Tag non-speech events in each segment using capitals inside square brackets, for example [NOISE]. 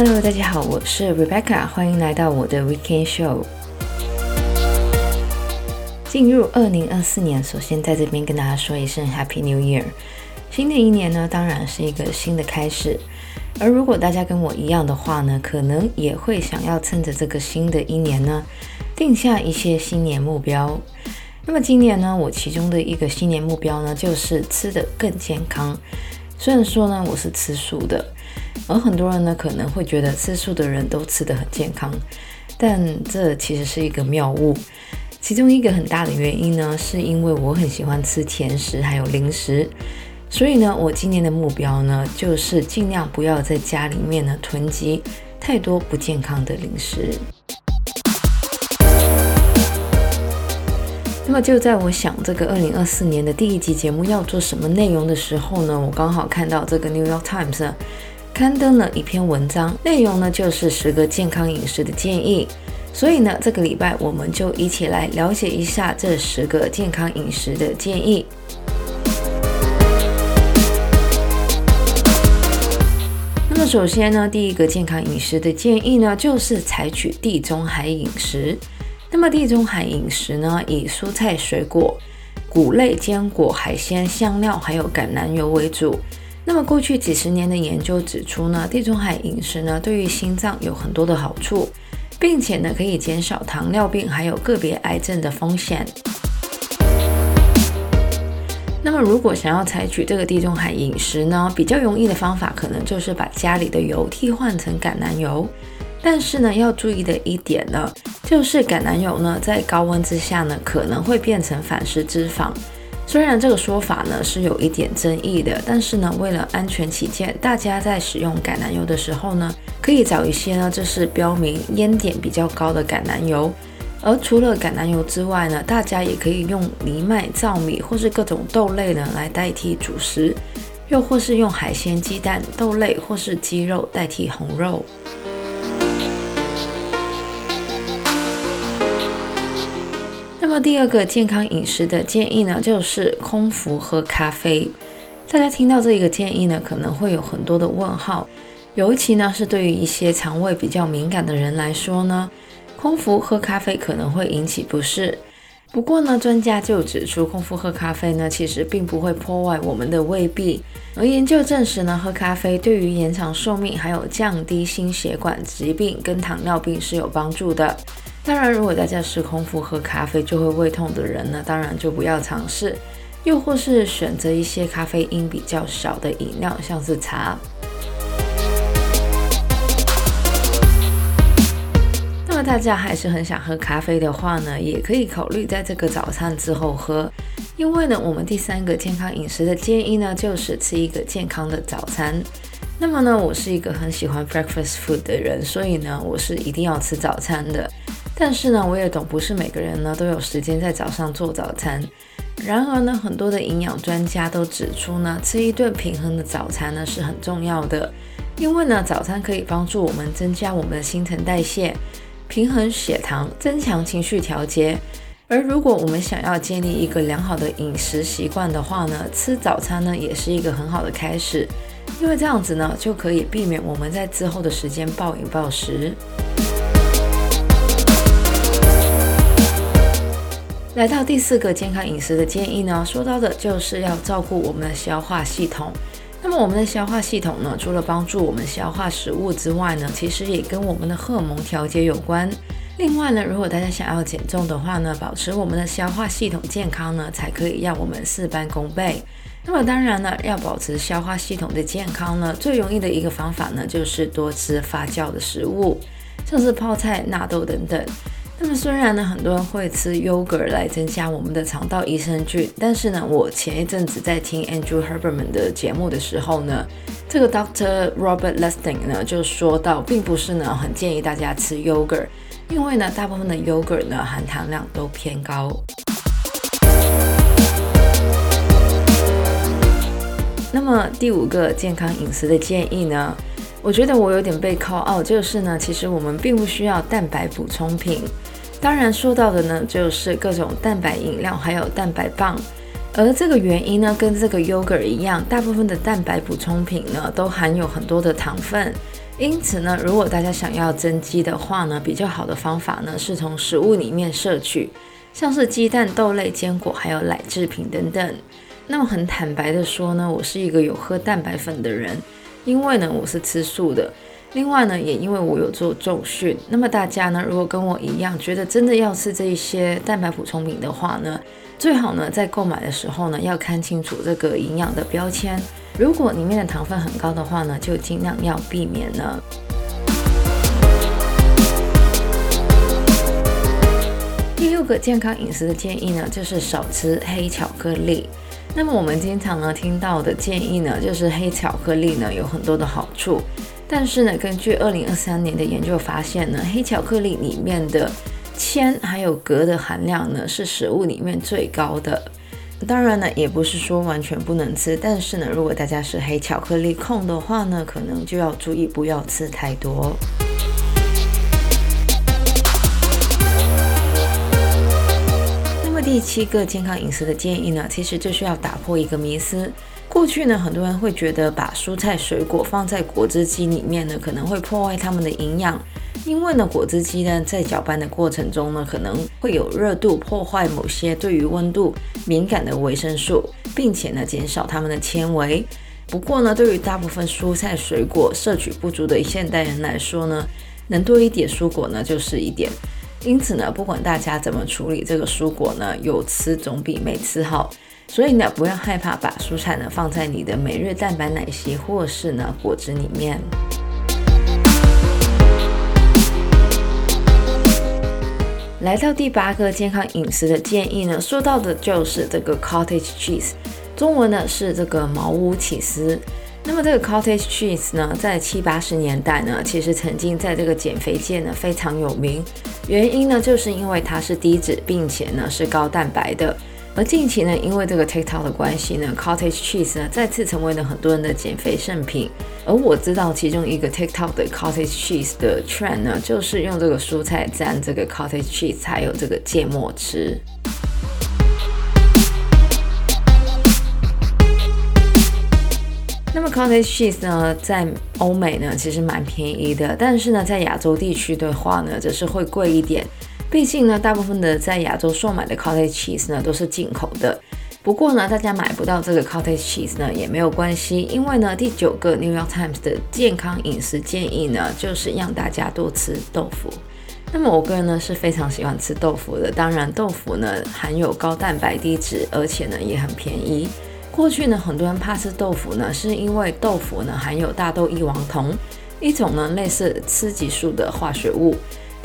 Hello，大家好，我是 Rebecca，歡迎來到我的 Weekend Show。進入二零二四年，首先在這邊跟大家說一聲 Happy New Year。新的一年呢，當然是一個新的開始。而如果大家跟我一樣的話呢，可能也會想要趁着這個新的一年呢，定下一些新年目標。那麼今年呢，我其中的一個新年目標呢，就是吃得更健康。雖然說呢，我是吃素的。而很多人呢，可能會覺得吃素的人都吃得很健康，但這其實是一個謬誤。其中一個很大的原因呢，是因為我很喜歡吃甜食還有零食，所以呢，我今年的目標呢，就是盡量不要在家裡面呢囤積太多不健康的零食。那麼就在我想這個二零二四年的第一集節目要做什麼內容的時候呢，我剛好看到這個《New York Times》。刊登了一篇文章，內容呢就是十個健康飲食的建議。所以呢，這個禮拜我們就一起來了解一下這十個健康飲食的建議。那麼首先呢，第一個健康飲食的建議呢，就是採取地中海飲食。那麼地中海飲食呢，以蔬菜、水果、穀類、堅果、海鮮、香料還有橄欖油為主。那麼過去幾十年的研究指出呢，地中海飲食呢對於心臟有很多的好處，並且呢可以減少糖尿病還有個別癌症的風險。那麼如果想要採取這個地中海飲食呢，比較容易的方法可能就是把家裡的油替換成橄欖油。但是呢，要注意的一點呢，就是橄欖油呢在高溫之下呢可能會變成反式脂肪。雖然這個說法呢是有一點爭議的，但是呢，為了安全起見，大家在使用橄欖油的時候呢，可以找一些呢，就是標明煙點比較高的橄欖油。而除了橄欖油之外呢，大家也可以用藜麥、糙米或是各種豆類呢來代替主食，又或是用海鮮、雞蛋、豆類或是雞肉代替紅肉。那麼第二個健康飲食的建議呢，就是空腹喝咖啡。大家聽到這一個建議呢，可能會有很多的問號，尤其呢是對於一些腸胃比較敏感的人來說呢，空腹喝咖啡可能會引起不適。不過呢，專家就指出，空腹喝咖啡呢，其實並不會破壞我們的胃壁，而研究證實呢，喝咖啡對於延長壽命，還有降低心血管疾病跟糖尿病是有幫助的。當然，如果大家是空腹喝咖啡就會胃痛的人呢，當然就不要嘗試，又或是選擇一些咖啡因比較少的飲料，像是茶。那麼大家還是很想喝咖啡的話呢，也可以考慮在這個早餐之後喝，因為呢，我們第三個健康飲食的建議呢，就是吃一個健康的早餐。那麼呢，我是一個很喜歡 breakfast food 的人，所以呢，我是一定要吃早餐的。但是呢，我也懂，不是每個人呢都有時間在早上做早餐。然而呢，很多的營養專家都指出呢，吃一頓平衡的早餐呢是很重要的，因為呢，早餐可以幫助我們增加我們的新陳代謝，平衡血糖，增強情緒調節。而如果我們想要建立一個良好的飲食習慣的話呢，吃早餐呢也是一個很好的開始，因為這樣子呢就可以避免我們在之後的時間暴飲暴食。來到第四個健康飲食的建議呢，說到的就是要照顧我們的消化系統。那麼我們的消化系統呢，除了幫助我們消化食物之外呢，其實也跟我們的荷爾蒙調節有關。另外呢，如果大家想要減重的話呢，保持我們的消化系統健康呢，才可以讓我們事半功倍。那麼當然呢，要保持消化系統的健康呢，最容易的一個方法呢，就是多吃發酵的食物，像是泡菜、納豆等等。那麼雖然呢，很多人會吃 yogurt 來增加我們的腸道益生菌，但是呢，我前一陣子在聽 Andrew Huberman 的節目的時候呢，這個 Doctor Robert Lustig 呢就說到，並不是呢很建議大家吃 yogurt，因為呢大部分的 yogurt 呢含糖量都偏高。那麼第五個健康飲食的建議呢，我覺得我有點被 call out，就是呢，其實我們並不需要蛋白補充品。當然說到的呢，就是各種蛋白飲料，還有蛋白棒。而這個原因呢，跟這個 yogurt 一樣，大部分的蛋白補充品呢，都含有很多的糖分。因此呢，如果大家想要增肌的話呢，比較好的方法呢，是從食物裡面攝取，像是雞蛋、豆類、堅果，還有奶製品等等。那麼很坦白的說呢，我是一個有喝蛋白粉的人，因為呢，我是吃素的。另外呢，也因為我有做重訓，那麼大家呢，如果跟我一樣覺得真的要吃這一些蛋白補充品的話呢，最好呢，在購買的時候呢要看清楚這個營養的標籤。如果裡面的糖分很高的話呢，就盡量要避免了。第六個健康飲食的建議呢，就是少吃黑巧克力。那麼我們經常呢聽到的建議呢，就是黑巧克力呢有很多的好處。但是呢，根據二零二三年的研究發現呢，黑巧克力裡面的鉛還有镉的含量呢是食物裡面最高的。當然呢，也不是說完全不能吃，但是呢，如果大家是黑巧克力控的話呢，可能就要注意不要吃太多。那麼第七個健康飲食的建議呢，其實就是要打破一個迷思。過去呢，很多人會覺得把蔬菜水果放在果汁機裡面呢，可能會破壞它們的營養，因為呢，果汁機呢在攪拌的過程中呢，可能會有熱度破壞某些對於溫度敏感的維生素，並且呢，減少它們的纖維。不過呢，對於大部分蔬菜水果攝取不足的現代人來說呢，能多一點蔬果呢就是一點。因此呢，不管大家怎麼處理這個蔬果呢，有吃總比沒吃好。所以呢，不要害怕把蔬菜呢放在你的每日蛋白奶昔或是呢果汁裡面。來到第八個健康飲食的建議呢，說到的就是這個 cottage cheese，中文呢是這個茅屋起司。那麼這個 cottage cheese 呢，在七八十年代呢，其實曾經在這個減肥界呢非常有名，原因呢就是因為它是低脂，並且呢是高蛋白的。而近期呢，因為這個 TikTok 的關係呢，Cottage Cheese 呢再次成為了很多人的減肥聖品。而我知道其中一個 TikTok 的 Cottage Cheese 的 trend 呢，就是用這個蔬菜蘸這個 Cottage Cheese，還有這個芥末吃。那麼 Cottage Cheese 呢，在歐美呢其實蠻便宜的，但是呢，在亞洲地區的話呢，就是會貴一點。畢竟呢，大部分的在亞洲售賣的 cottage cheese 呢都是進口的。不過呢，大家買不到這個 cottage cheese 呢也沒有關係，因為呢第九個 New York Times 的健康飲食建議呢就是讓大家多吃豆腐。那麼我個人呢是非常喜歡吃豆腐的。當然豆腐呢含有高蛋白低脂，而且呢也很便宜。過去呢很多人怕吃豆腐呢是因為豆腐呢含有大豆異黃酮，一種呢類似雌激素的化學物。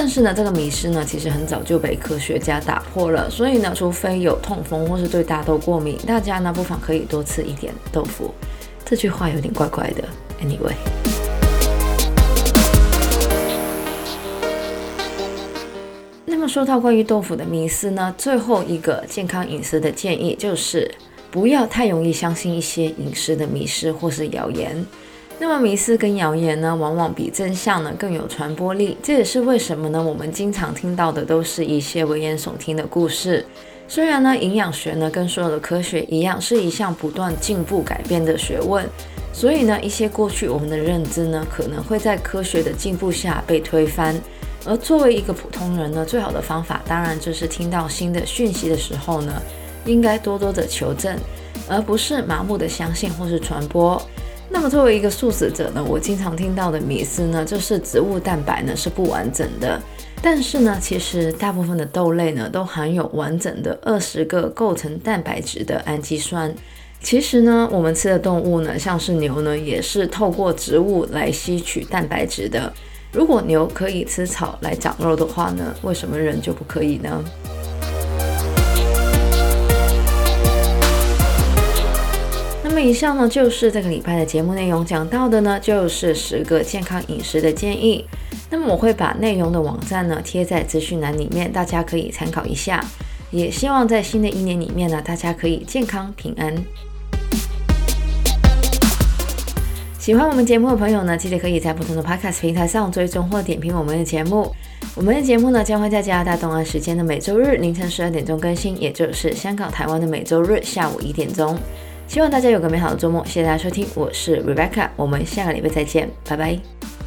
但是呢，這個迷思呢，其實很早就被科學家打破了。所以呢，除非有痛風或是對大豆過敏，大家呢，不妨可以多吃一點豆腐。這句話有點怪怪的。Anyway， [MUSIC] 那麼說到關於豆腐的迷思呢，最後一個健康飲食的建議就是不要太容易相信一些飲食的迷思或是謠言。那麼，迷思跟謠言呢，往往比真相呢更有傳播力。這也是為什麼呢？我們經常聽到的都是一些危言聳聽的故事。雖然呢，營養學呢跟所有的科學一樣，是一項不斷進步改變的學問。所以呢，一些過去我們的認知呢，可能會在科學的進步下被推翻。而作為一個普通人呢，最好的方法當然就是聽到新的訊息的時候呢，應該多多的求證，而不是盲目的相信或是傳播。那麼作為一個素食者呢，我經常聽到的迷思呢，就是植物蛋白呢是不完整的。但是呢，其實大部分的豆類呢都含有完整的二十個構成蛋白質的氨基酸。其實呢，我們吃的動物呢，像是牛呢，也是透過植物來吸取蛋白質的。如果牛可以吃草來長肉的話呢，為什麼人就不可以呢？以上呢就是這個禮拜的節目內容，講到的呢就是十個健康飲食的建議。那麼我會把內容的網站呢貼在資訊欄裡面，大家可以參考一下。也希望在新的一年裡面呢，大家可以健康平安。喜歡我們節目的朋友呢，記得可以在不同的 podcast 平台上追蹤或點評我們的節目。我們的節目呢將會在加拿大東岸時間的每周日凌晨十二點鐘更新，也就是香港、台灣的每周日下午一點鐘。希望大家有個美好的周末，謝謝大家收聽，我是 Rebecca，我們下個禮拜再見，拜拜。